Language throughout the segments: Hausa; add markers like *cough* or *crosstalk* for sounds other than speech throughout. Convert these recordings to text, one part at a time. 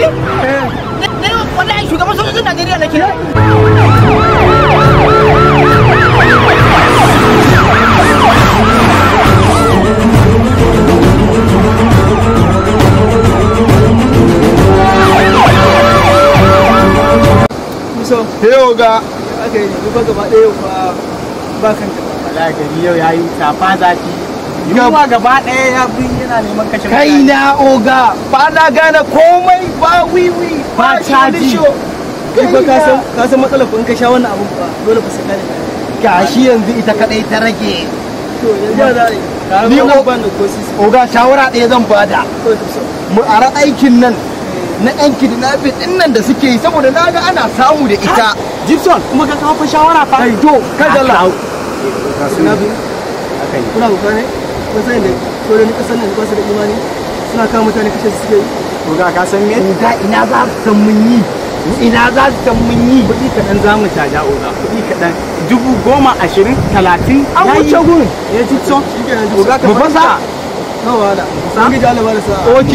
Ni? Eh. Ne wallahi shugaban sojojin Najeriya nake. so yau ga aka yi gaba gaba ɗaya ba kan gaba. Wala gari yau ya yi safa zafi. ruwa gaba ɗaya ya bi yana neman kashe kai na oga ba na gane komai ba wiwi ba caji kai ba ka san ka san matsalar ko in ka sha wannan abun ba dole ku saka gashi yanzu ita kadai ta rage to yanzu da ni oga shawara ɗaya zan bada mu ara aikin nan na yan kidnapping din nan da suke yi saboda na ga ana samu da ita gibson kuma ka kawo shawara fa to kai dalla kuna bukane matsayin da sojojin ƙasar nan ba su da imani suna kawo mutane kashe suke yi to ga ka san me da ina za su san mun yi ina za su san mun yi kuɗi kaɗan za mu caja oga kuɗi kaɗan dubu goma ashirin talatin an wuce gurin ya ci so oga ka fasa na wahala sa an gida alaba da sa ok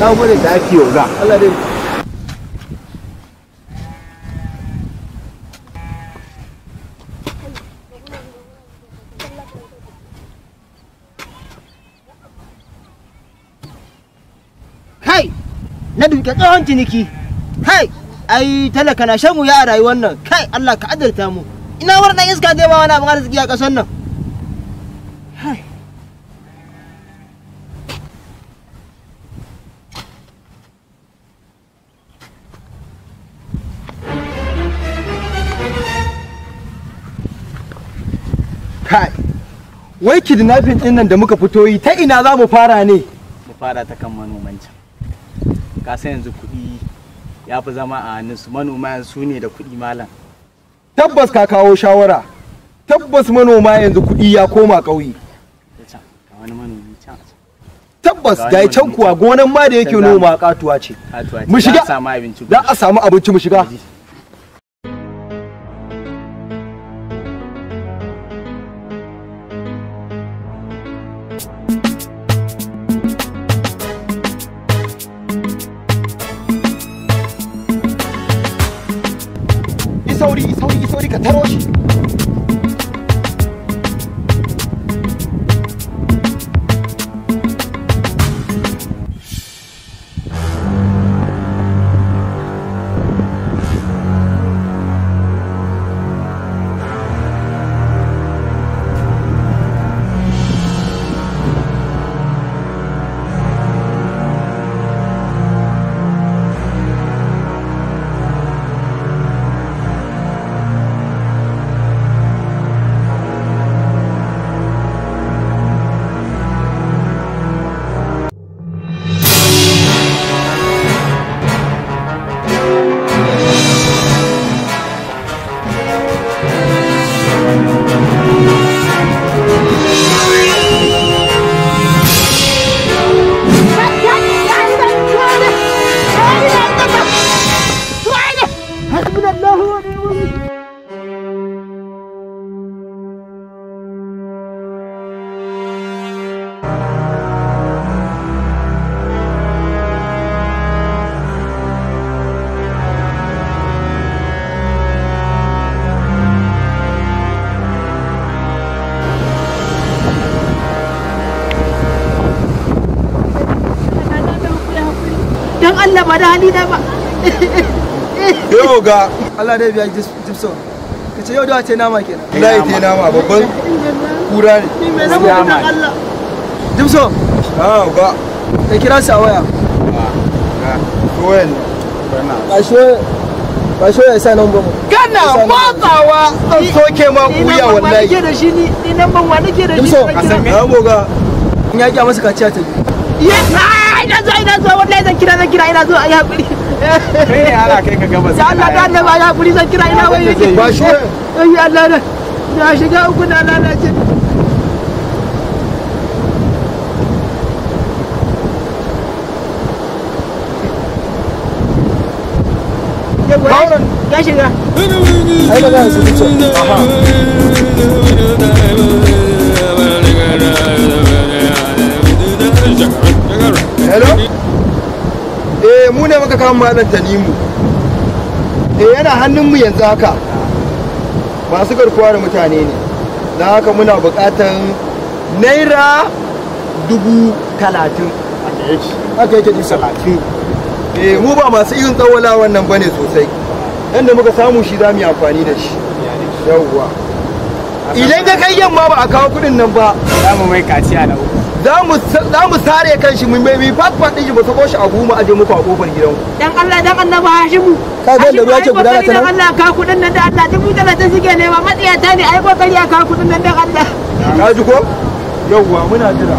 na gode da ake oga Allah dai na duke tsohon ciniki kai ai talaka na shan wuya a rayuwar nan kai Allah ka adalta mu ina war dan iska zai ba wani abin arziki a ƙasar nan kai wai kidnapping din nan da muka fito yi ta ina za mu fara ne mu fara ta kan manoman can kasa yanzu kuɗi ya fi zama a su manoma su ne da kuɗi malam tabbas ka kawo shawara tabbas manoma yanzu kuɗi ya koma ƙauye tabbas ga can kuwa gonan ma da yake noma katuwa ce mu shiga za a samu abinci mu shiga Sônica até hoje. Allah ba da da ba yau *laughs* ga Allah dai biya Gibson ka ce yau da ce nama kenan wallahi te nama babban kura ne Gibson ah ga ka kira shi a waya ah ko wayan ba shi ba shi ya sa nan ba mu kana matsawa soke ma wuya wallahi ni nan da shi ni nan ban nake da shi Gibson ka san ga in ya masa kaciya ta yes ina zuwa ina zuwa wallahi zan kira zan kira ina zuwa hakuri kai ne ala kai ka gaba sai Allah da Allah ya hakuri zan kira ina wai yake ba shi ai Allah da ya shiga uku na lalace Ya shiga. Ai da kama malam talimu da eh, yana hannunmu yanzu haka masu garkuwa da mutane ne don haka muna bukatan naira dubu talatin haka yake dubu talatin eh mu ba masu yin tsawala wannan bane sosai yadda muka samu shi za mu yi amfani da shi yawwa idan ka kai yamma ba a kawo kuɗin nan ba za mu mai kaciya na uku za mu sare kan shi mun bai mi fakfak din shi mu sako shi a goma aje muku a kofar gidanku dan Allah dan Allah ba hashi mu kai da ruwa ke gudana ta nan Allah ka kudin nan da Allah dubu talatin suke nema matsiyata ne ai kokari ka kudin nan da Allah ka ji ko yawwa muna jira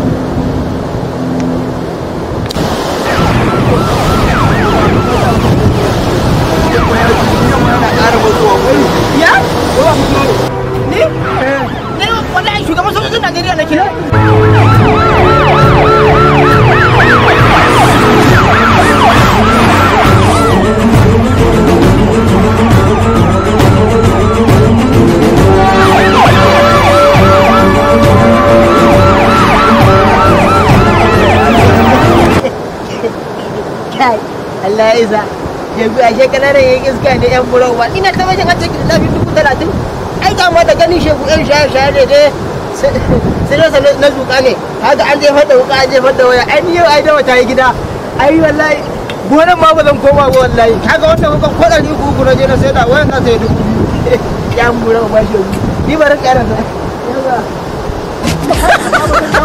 Allah ya isa yanzu a shekananan yan iska ne yan burawa ina ta wajen an cikin lafi dubu talatin ai kama da ganin sheku yan shaye-shaye ne dai sai na sanar na zuƙa ne haka an jefar da wuka an jefar da waya ai ni yau ai dawa ta yi gida ai wallahi gonan ma ba zan koma ba wallahi haka wata wukan kwaɗa ni uku na je na sai da wayan na sai dubu biyu yan *laughs* burawa ba shi ni ba ran ƙarasa yawa *laughs*